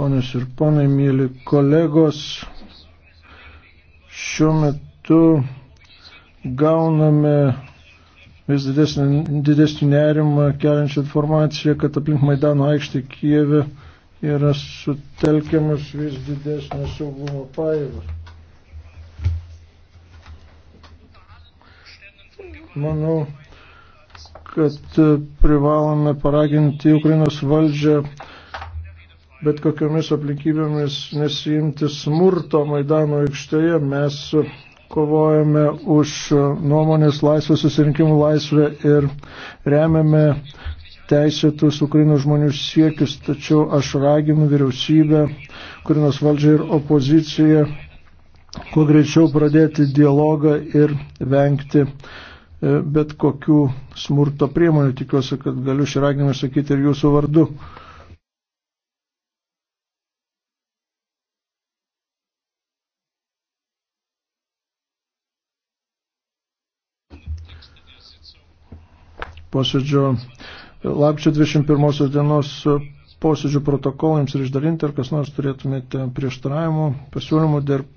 Ponas ir ponai, mėly kolegos, šiuo metu gauname vis didesnį, didesnį nerimą keliančią informaciją, kad aplink Maidano aikštį Kijeve yra sutelkiamas vis didesnės saugumo pajėgos. Manau, kad privalome paraginti Ukrainos valdžią bet kokiamis aplinkybėmis nesijimti smurto Maidano aikštėje. Mes kovojame už nuomonės laisvę, susirinkimų laisvę ir remiame teisėtus Ukrainos žmonių siekius, tačiau aš raginu vyriausybę, Ukrainos valdžią ir opoziciją kuo greičiau pradėti dialogą ir vengti e, bet kokių smurto priemonių. Tikiuosi, kad galiu šį raginimą sakyti ir jūsų vardu. posėdžio lapčio 21 dienos posėdžių protokolams ir išdalinti, ar kas nors turėtumėte prieštaravimų, pasiūlymų dėl